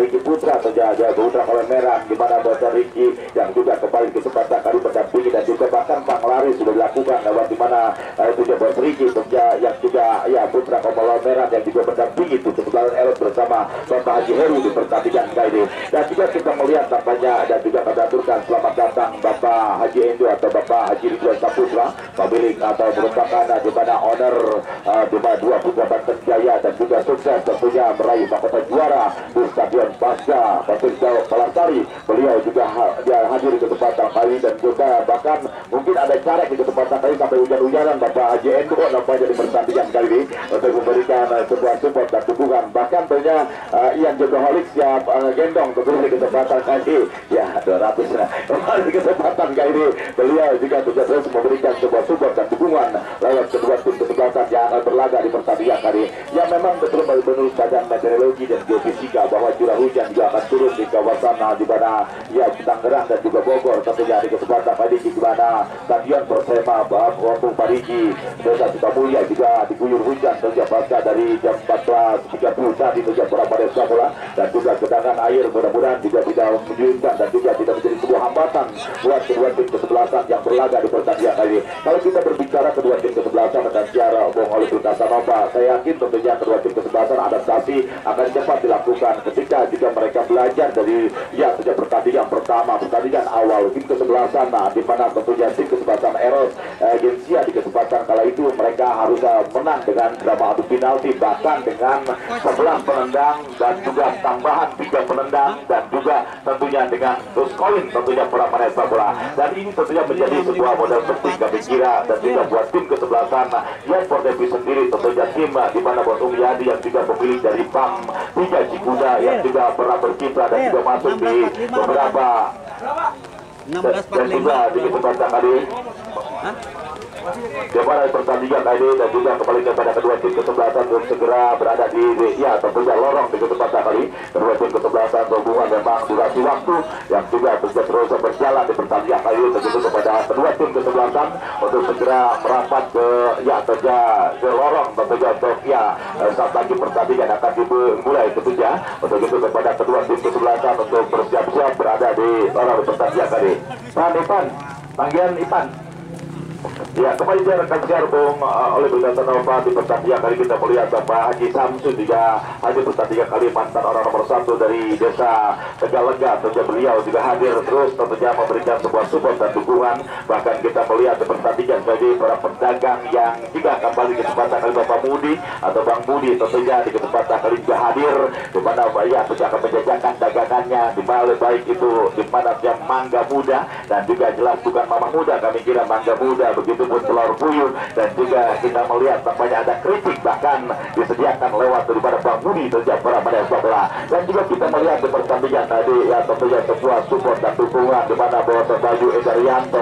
Riki Putra atau Putra oleh merah di mana Bocor Riki yang juga kembali ke sepatak kali mendampingi dan juga bahkan Lari sudah dilakukan lewat di mana itu eh, itu Bocor Riki Pemja yang juga ya Putra kalau merah yang juga mendampingi itu kebetulan Elot bersama Bapak Haji Heru di pertandingan kali ini dan juga kita melihat tampaknya dan juga kami selamat datang Bapak Haji Endo atau Bapak Haji Ridwan Saputra pemilik atau merupakan di mana owner uh, di mana dua putra Banten Jaya dan juga sukses tentunya meraih mahkota juara di Stadion Pasca Batin Jauh Pelantari beliau juga ha dia hadir di tempat kali dan juga bahkan mungkin ada cara di tempat kali sampai hujan-hujanan Bapak Haji Endo oh, nampak jadi pertandingan kali ini untuk memberikan uh, sebuah support dan dukungan bahkan tentunya uh, Ian Jokoholik siap uh, gendong ke di tempat kali ya 200 lah kembali tempat kali ini beliau juga terus memberikan sebuah support dan dukungan lewat kedua tim kesebelasan yang akan berlaga di pertandingan hari yang memang betul menurut badan meteorologi dan geofisika bahwa curah hujan juga akan turun di kawasan di mana ya Tangerang dan juga Bogor tentunya di kesempatan ini di mana stadion Persema Kampung Parigi Desa Sukamulya juga diguyur hujan sejak pasca dari jam 14.30 tadi sejak berapa pada sekolah dan juga kedangan air mudah-mudahan juga tidak menyulitkan dan juga tidak menjadi sebuah hambatan buat kedua tim kesebelasan yang berlaga di pertandingan kali ini. Kalau kita berbicara kedua tim kesebelasan dan Tiara Bung Oliver apa? saya yakin tentunya kedua tim kesebelasan adaptasi akan cepat dilakukan ketika juga mereka belajar dari ya sejak pertandingan pertama, pertandingan awal tim kesebelasan, nah di mana tentunya tim kesebelasan Eros eh, Gensia di kesempatan kala itu mereka harus eh, menang dengan drama adu penalti bahkan dengan sebelah penendang dan juga tambahan tiga penendang dan juga tentunya dengan Ruskoin tentunya para maestro bola dan ini tentunya menjadi iya, sebuah modal penting kami kira dan iya. juga buat tim kesebelasan nah, yang Portepi sendiri tentunya tim nah, di mana buat Umi Yadi yang juga pemilik dari PAM Tiga Cikuda iya. yang juga pernah berkiprah dan juga masuk di beberapa dan juga di kesempatan kali kepada pertandingan ini dan juga kembali kepada kedua tim kesebelasan untuk segera berada di ya tentunya lorong di kesempatan kali kedua tim kesebelasan berhubungan memang durasi waktu yang juga bisa terus berjalan di pertandingan kali tentu kepada kedua tim kesebelasan untuk segera merapat ke ya tentunya ke lorong tentunya untuk ya saat lagi pertandingan akan dimulai tentunya untuk itu kepada kedua tim kesebelasan untuk bersiap-siap berada di lorong pertandingan kali Pan Ipan, panggilan Ipan. Ya, kembali dia siar Bung uh, eh, oleh Bintang Nova di pertandingan kali kita melihat Bapak Haji Samsu juga hadir pertandingan kali mantan orang nomor satu dari desa Lega tentunya beliau juga hadir terus tentunya memberikan sebuah support dan dukungan bahkan kita melihat di pertandingan tadi para pedagang yang juga kembali ke tempat kali Bapak Budi atau Bang Budi tentunya di kesempatan kali juga hadir di mana Pak ya akan menjajakan dagangannya di balik baik itu di mana yang mangga muda dan juga jelas bukan mama muda kami kira mangga muda begitupun telur puyuh dan juga kita melihat tampaknya ada kritik bahkan disediakan lewat daripada Bang Budi sejak pada pada sebelah dan juga kita melihat di pertandingan tadi ya tentunya sebuah support dan dukungan kepada Bowoto terbaju Edarianto.